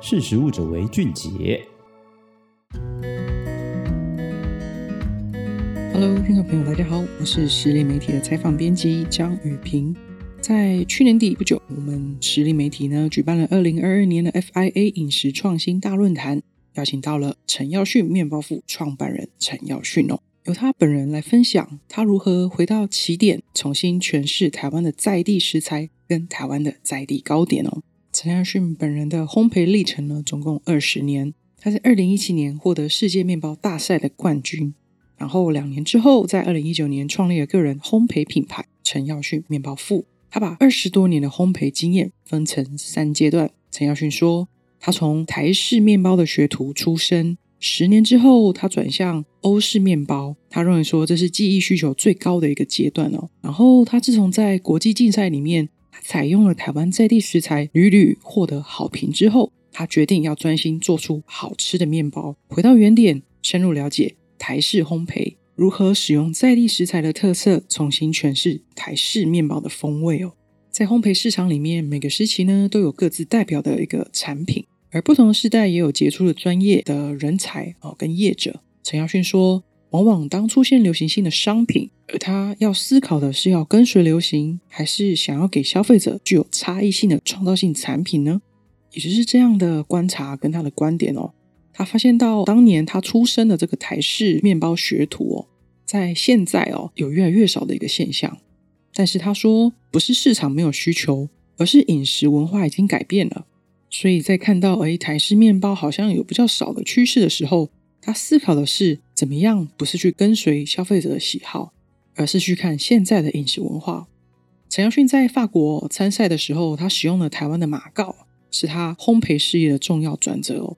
識食物者為俊傑。Hello，聽眾朋友，大家好，我是食力媒體的採訪編輯張語屏。在去年底不久，我們食力媒體呢舉辦了二零二二年的 FIA 飲食創新大論壇，邀請到了陳耀訓麵包埠創辦人陳耀訓哦，由他本人來分享他如何回到起點，重新詮釋台灣的在地食材跟台灣的在地糕點哦。陳耀訓本人的烘焙歷程呢，總共二十年。他在二零一七年獲得世界麵包大賽的冠軍，然後兩年之後，在二零一九年創立了個人烘焙品牌陳耀訓麵包埠。他把二十多年的烘焙經驗分成三階段。陳耀訓說：“他從台式麵包的學徒出身，十年之後他轉向歐式麵包。他認為說這是技藝需求最高的一個階段哦。然後他自從在國際競賽裡面。”採用了台灣在地食材，屢屢獲得好評之後，他決定要專心做出好吃的麵包。回到原點，深入了解台式烘焙如何使用在地食材的特色，重新詮釋台式麵包的風味哦。在烘焙市場裡面，每個時期呢都有各自代表的一個產品，而不同的時代也有傑出的專業的人才哦，跟業者。陳耀訓說。往往當出現流行性的商品，而他要思考的是要跟隨流行，還是想要給消費者具有差異性的創造性產品呢？也就是這樣的觀察跟他的觀點哦。他發現到當年他出生的這個台式麵包學徒哦，在現在哦，有越來越少的一個現象。但是他說，不是市場沒有需求，而是飲食文化已經改變了。所以在看到誒，哎，台式麵包好像有比較少的趨勢的時候。他思考的是怎麼樣，不是去跟隨消費者的喜好，而是去看現在的飲食文化。陳耀訓在法國參賽的時候，他使用了台灣的馬告，是他烘焙事業的重要轉折哦。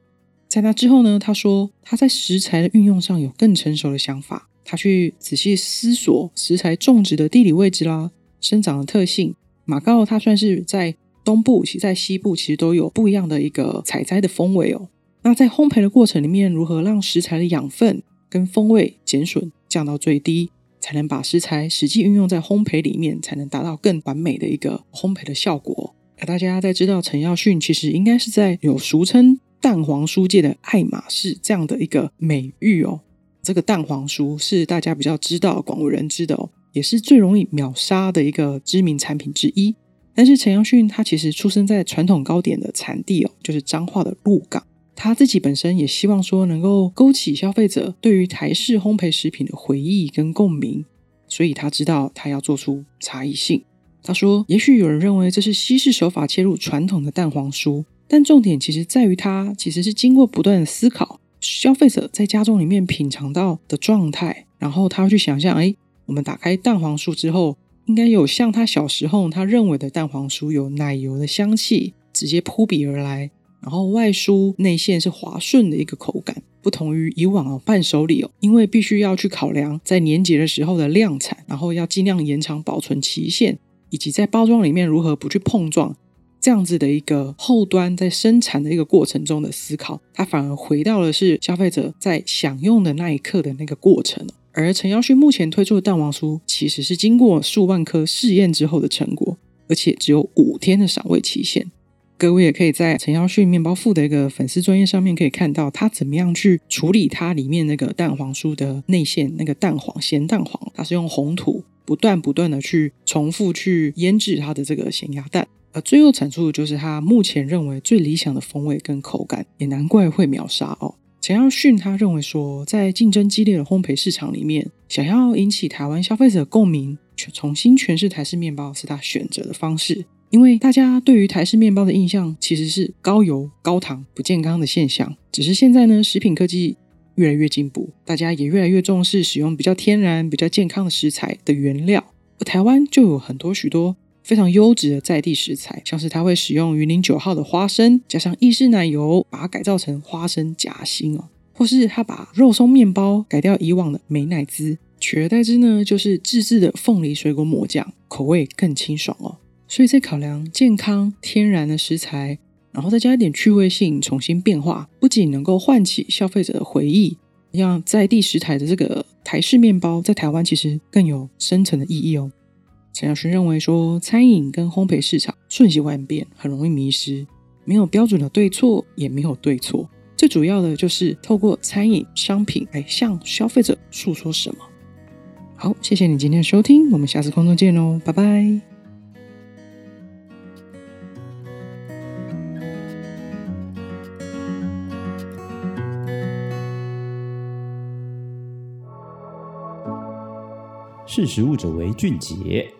在那之後呢，他說他在食材的運用上有更成熟的想法，他去仔細思索食材種植的地理位置啦、生長的特性。馬告它算是在東部，其在西部其實都有不一樣的一個採摘的風味哦。那在烘焙的過程裡面，如何讓食材的養分跟風味減損降到最低，才能把食材實際運用在烘焙裡面，才能達到更完美的一個烘焙的效果？大家在知道陳耀訓其實應該是在有俗稱蛋黃酥界的愛馬仕這樣的一個美譽哦。這個蛋黃酥是大家比較知道，廣為人知的哦，也是最容易秒殺的一個知名產品之一。但是陳耀訓他其實出生在傳統糕點的產地哦，就是彰化的鹿港。他自己本身也希望說，能夠勾起消費者對於台式烘焙食品的回憶跟共鳴，所以他知道他要做出差異性。他說，也許有人認為這是西式手法切入傳統的蛋黃酥，但重點其實在於他其實是經過不斷的思考，消費者在家中裡面品嘗到的狀態，然後他會去想象，哎，我們打開蛋黃酥之後，應該有像他小時候他認為的蛋黃酥有奶油的香氣，直接撲鼻而來。然後外酥內餡是滑順的一個口感，不同於以往哦伴手禮哦，因為必須要去考量在年節的時候的量產，然後要盡量延長保存期限，以及在包裝裡面如何不去碰撞這樣子的一個後端在生產的一個過程中的思考，它反而回到了是消費者在享用的那一刻的那個過程哦。而陳耀訓目前推出的蛋黃酥其實是經過數萬顆試驗之後的成果，而且只有五天的賞味期限。各位也可以在陳耀訓麵包埠的一個粉絲專頁上面可以看到他怎麼樣去處理它裡面那個蛋黃酥的內餡，那個蛋黃、鹹蛋黃，它是用紅土不斷不斷的去重複去醃制它的這個鹹鴨蛋，而最後產出的就是他目前認為最理想的風味跟口感，也難怪會秒殺哦。陳耀訓他認為說，在競爭激烈的烘焙市場裡面，想要引起台灣消費者共鳴，重新詮釋台式麵包是他選擇的方式。因為大家對於台式麵包的印象其實是高油、高糖、不健康的現象。只是現在呢，食品科技越來越進步，大家也越來越重視使用比較天然、比較健康的食材的原料。而台灣就有很多許多非常優質的在地食材，像是它會使用雲林九號的花生，加上意式奶油，把它改造成花生夾心哦。或是它把肉鬆麵包改掉以往的美乃滋，取而代之呢就是自製的鳳梨水果抹醬，口味更清爽哦。所以在考量健康、天然的食材，然後再加一點趣味性，重新變化，不僅能夠喚起消費者的回憶，讓在地食材的這個台式麵包，在台灣其實更有深層的意義哦。陳耀訓認為說，餐飲跟烘焙市場瞬息萬變，很容易迷失，沒有標準的對錯，也沒有對錯，最主要的就是透過餐飲商品來向消費者訴說什麼。好，謝謝你今天的收聽，我們下次空中見哦，拜拜。識食物者為俊傑。